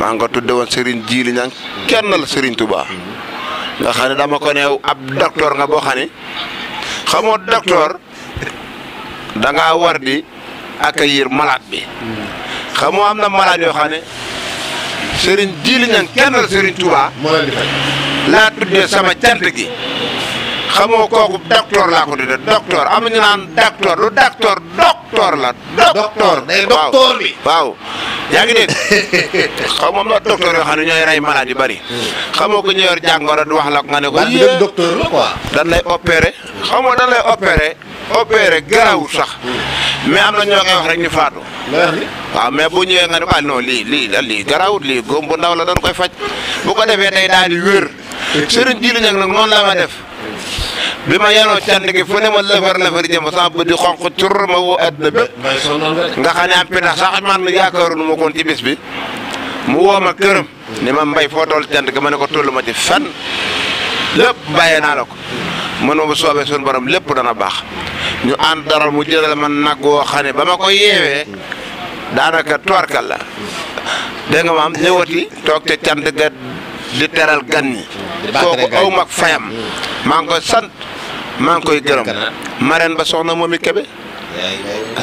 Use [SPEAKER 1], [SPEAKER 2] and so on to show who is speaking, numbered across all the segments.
[SPEAKER 1] maa nga tudde woon Serigne Djili Niang kenn la Serigne Touba nga xam ne dama ko neew ab docteur nga boo xam ne xamoo docteur da ngaa war di accueillir malade bi xamoo am na malade yoo xam ne Serigne Djili Niang kenn la Serigne Touba. laa tuddee sama cant gi. xamoo kooku docteur laa ko tudde am amuñu naan docteur lu docteur docteur la. docteur day docteur bi waaw. yaa ngi dégg xaw moom la docteur yoo xam ne ñooy rey malade yu bari. xamoo ko ñëw jàngoro di wax la nga ne ko. yéen baat docteur la dan lay opéré xaw ma dan lay opéré opéré garawut sax. mais am na ñoo koy wax rek ñu faatu. waaw mais bu ñëwee nga ne ah non lii lii la lii garawut lii góom bu ndaw la doon koy faj bu ko defee day daal di wér. sëriñ Jili nag noonu la ma def. bima yano yenoo cant gi mo la far la lëfar mo sabu di xonku tur ma wo adna be nga xam am pina sax man yakaru mo kon ci bis bi mu wo ma këram ni ma mbay fo dol cant ke ma tollu ma ci fan lepp baye na lako mono mën ma bu soobee suñu borom lepp dana bax ñu ànd dara mu jëral man nago woo bama ne ba ma ko yeewee daanaka toorkal la dégg nga maam ñëwati toog ca ga di teral gan ñi kooku fayam mang ko sant maa ngi koy gërëm marraine ba soxna moom i kebe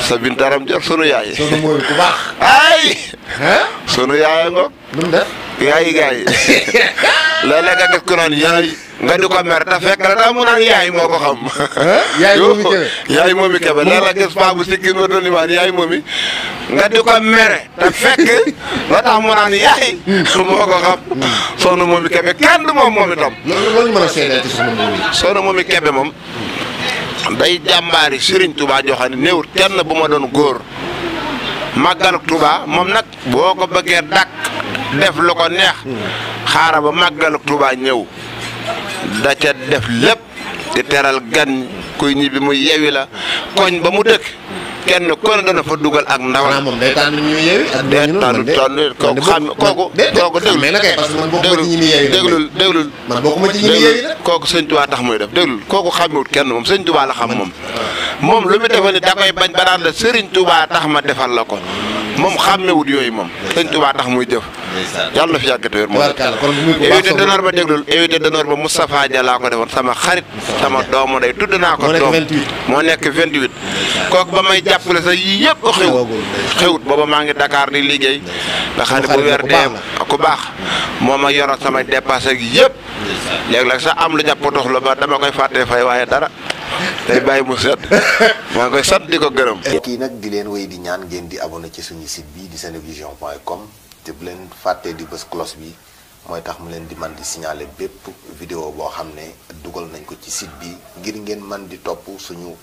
[SPEAKER 1] sa bintaram jor sunu yaay sunu mooy ku baax ay sunu yaay ngoog lu mu léeg-léeg nga def ko noonu yaay nga di ko mer te fekk la mu naan yaay moo ko yaay moomi kebe yaay gis paa bu sikki nga doon limaan yaay moomi nga di ko mere te fekk la mu naan yaay. moo ko xam moomi kebe kenn du moom moom itam. loolu moomi. kebe moom day jàmbaari Serigne Touba joxane néew kenn bu ma doon góor màggalu Touba moom nag boo ko bëggee dàkk. def lu ko neex hmm. xaara ba màggalu Tuubaa ñëw da ca def lépp di teral gan kuy ñibbi mu yewi la koñ ba mu dëkk kenn kon dana fa dugal ak ndaw moom day tànn ñu yewi ak ñu tànn tànn kooku xam kooku kooku déglu mais kooku sëñ Tuubaa tax muy def déglul kooku xamewut kenn moom sëñ Tuubaa la xam moom moom lu mu defal ni da koy bañ ba daan la sëriñ Tuubaa tax ma defal la ko moom xàmmewut yooyu moom sëñ Tuubaa tax muy jëf yàlla na fi yàgg te wér moom invité d'honneur ba déglul invité d'honneur ba Moustapha Dia laa defoon sama xarit sama doomu day tudd naa ko doom moo nekk 28 kooku ba may jàppale sa yii yëpp a xew xewut booba maa ngi Dakar di liggéey nga xam ne bu weer dee ku baax moo ma yoroon sama dépassé gi yëpp léegi nag sax am lu jàpp tox la ba dama koy fàtte fay waaye dara day bàyyi mu set maa ngi koy sant di ko gërëm. Eh, kii nag di leen wéy di ñaan ngeen di abonné ci suñu site bi di senevision point com te bu leen fàttee di bës cloche bi mooy tax mu leen di man di siñaale bépp vidéo boo xam ne dugal nañ ko ci site bi ngir ngeen man di topp suñu